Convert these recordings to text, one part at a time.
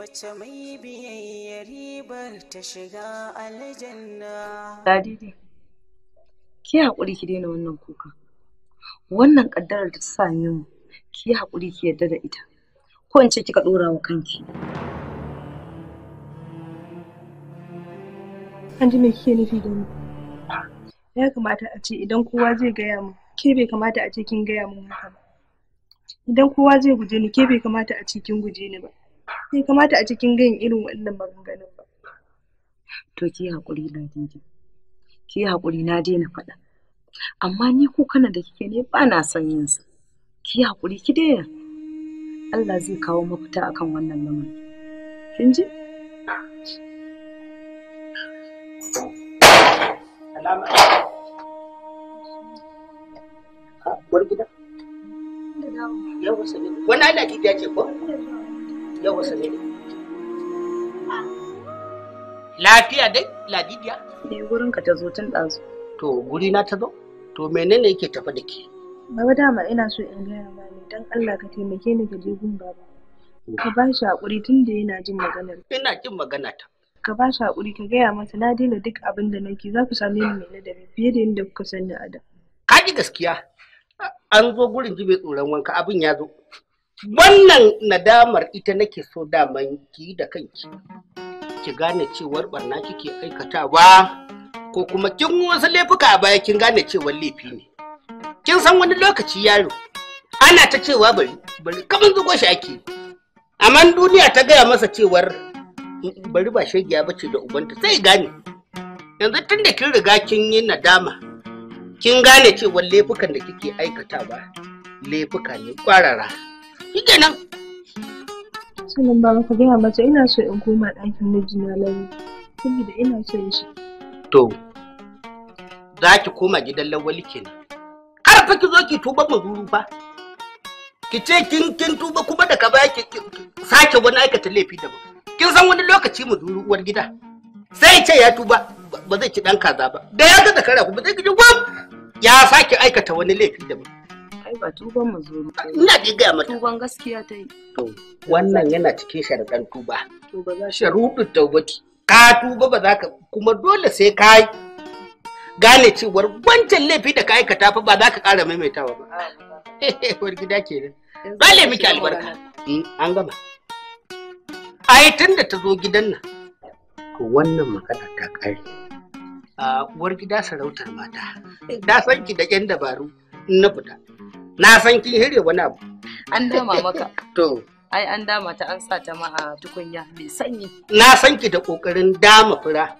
wacce mai biyayya ribar ta shiga aljanna dadidi ki haƙuri ki daina wannan kuka wannan ƙaddarar da ta same mu ki haƙuri ki yarda da ita ko in ce kika ɗora wa kanki an ji me kike nufi da ni ya kamata a ce idan kowa zai gaya mu ke bai kamata a ce kin gaya mu haka ba idan kowa zai guje ni ke bai kamata a ce kin guje ni ba bai kamata a cikin gan irin wannan maganganun ba to ki haƙuri ladidi ki haƙuri na daina faɗa amma ni ku kana da kike ne ba na son yin sa ki haƙuri ki daina Allah zai kawo mafita akan wannan lamarin kin ji Wani gida? Wani Allah gida ce ko? yau wasu ne lafiya dai ladidiya ne eh, gurin ka ta zo tun ɗazu to guri na ta zo to menene yake tafi da ke baba dama ina so in gaya ma ne don Allah ka taimake ni ka je gun baba ka ba shi hakuri tun da yana jin maganar ina jin magana ta ka ba shi hakuri ka gaya masa na daina duk abin da nake za ku same ni mai ladabi fiye da yadda kuka sani a da ka ji gaskiya an zo gurin jibe tsoron wanka abin ya zo wannan nadamar ita nake so daman ki da kanki ki gane cewar barna kike aikatawa ko kuma kin wasu laifuka a baya kin gane cewar laifi ne kin san wani lokaci yaro ana ta cewa bari bari kaman zugo shi ake amma duniya ta gaya masa cewar bari ba shagiya bace da ubanta sai gane yanzu tun da kin riga kin yi nadama kin gane cewar laifukan da kike aikatawa laifuka ne kwarara kenan. sannan ba ka gaya mata ina so in koma ɗakin mijina lalle saboda ina son shi to za ki koma gidan lawali kenan kar fa ki zo ki tuba mazuru fa ki ce kin kin tuba kuma daga baya ki sake wani aikata laifi daban kin san wani lokaci mazuru uwar gida sai ce ya tuba ba zai ci dan kaza ba da ya ga da kara kuma zai ji ya sake aikata wani laifi daban ba ina ji ga mata wannan yana cikin sharadan tuba to ba ka tuba ba za ka kuma dole sai ka gane cewar wancan laifi da ka aikata fa ba za ka ƙara maimaitawa ba wani gida kenan miki albarka mm, an gama ai tun da ta zo gidan nan to wannan magana ta ƙare a ah, uwar sarautar mata na san ki da yan dabaru na fita na san kin hire wani abu an dama maka to ai an dama ta an sa ta ma a tukunya mai sanyi na san ki da kokarin dama fura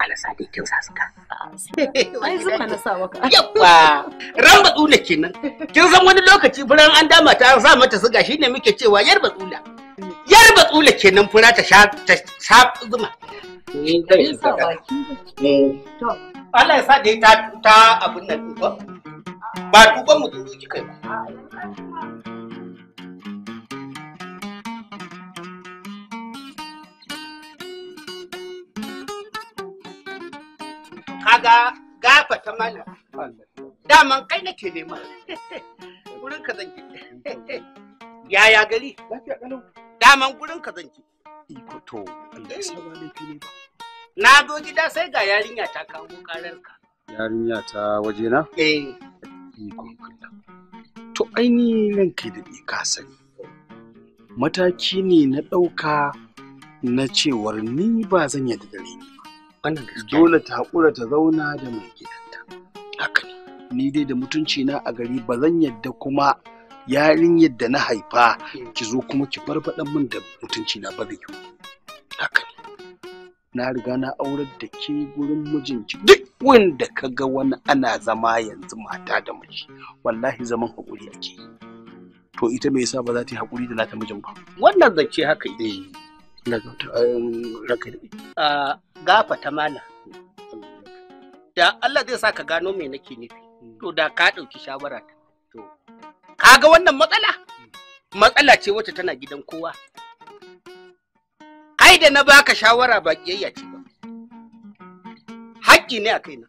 ana sa dai kin saska ai zuba na sa maka yawa ran batsula kenan kin san wani lokaci furan an dama ta an sa mata suga shine muke cewa yar batsula yar batsula kenan fura ta sha ta sha zuma ni dai eh. Allah ya sa dai ta ta abun nan ko ba duban mutum da kika yi ba kaga ta mana daman kai nake nema gurin ka zanki yaya gari daman gurin ka zanki iko to na zo gida sai ga yarinya ta kawo karar ka yarinya ta waje na eh ikon Allah. To ainihin kai da ka sani. Mataki ne na ɗauka na cewar ni ba zan yadda da ni ba. Dole ta haƙura ta zauna da mai gidanta. Haka ne. Ni dai da mutunci na a gari ba zan yadda kuma yarinyar da na haifa hmm. ki zo kuma ki farfaɗan min da mutunci na ba zai Haka ne. na riga na aurar da ke gurin mijinki duk wanda ka ga wani ana zama yanzu mata da yi wallahi zaman hakuri ake yi to ita me yasa ba za ta yi hakuri da nata mijin ba wannan zance haka ita eh, gafa ta mana da Allah zai sa ka gano me nake nufi hmm. to da ka ɗauki shawara ta to kaga wannan matsala hmm. matsala ce wacce tana gidan kowa Kai da na baka shawara ba kiyayya ce ba haƙƙi ne a kaina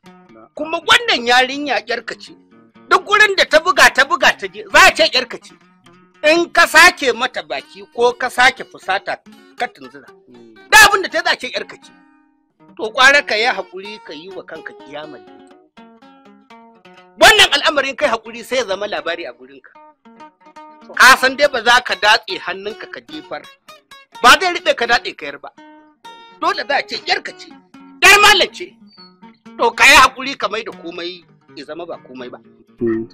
kuma wannan yarinya ƙyarka ce duk gurin da ta buga ta buga ta je za a ce yarka ce in ka sake mata baki ko ka sake fusata ka tunzura da abin da ta za a ce yarka ce to kwara ka yi haƙuri ka yi wa kanka kiyamar wannan al'amarin kai haƙuri sai ya zama labari a gurinka ka san dai ba za ka datse hannunka ka jefar ba zai riɓe ka datse yar ba dole za a ce yarka ce yar malam ce to ka yi haƙuri ka mai da komai ya zama ba komai ba Mm,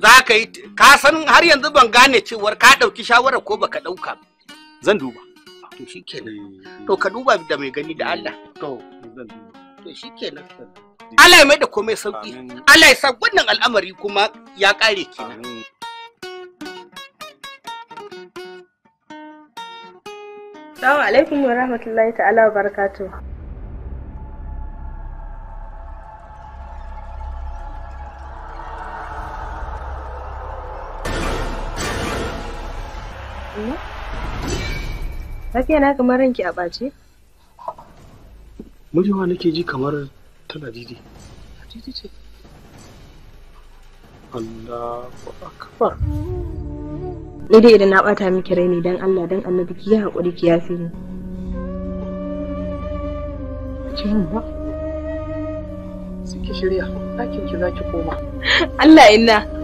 Za ka yi, ka san har yanzu ban gane cewar ka ɗauki shawarar ko baka ɗauka. Zan duba. To shi To ka duba da mai gani da Allah. To zan duba. To shi kenan. Allah ya mai da komai sauki. Allah ya sa wannan al'amari kuma ya ƙare kina. Assalamu alaikum wa rahmatullahi ta'ala wa barakatuh. Lafiya na kamar ranki a ɓace? Mujewa nake ji kamar tana didi. Didi ce. Allahu akbar. Ni dai idan na ɓata miki rai ne dan Allah dan Annabi ki haƙuri ki yafi ni. Kin ba? Saki shirya, ɗakin ki zaki koma. Allah inna.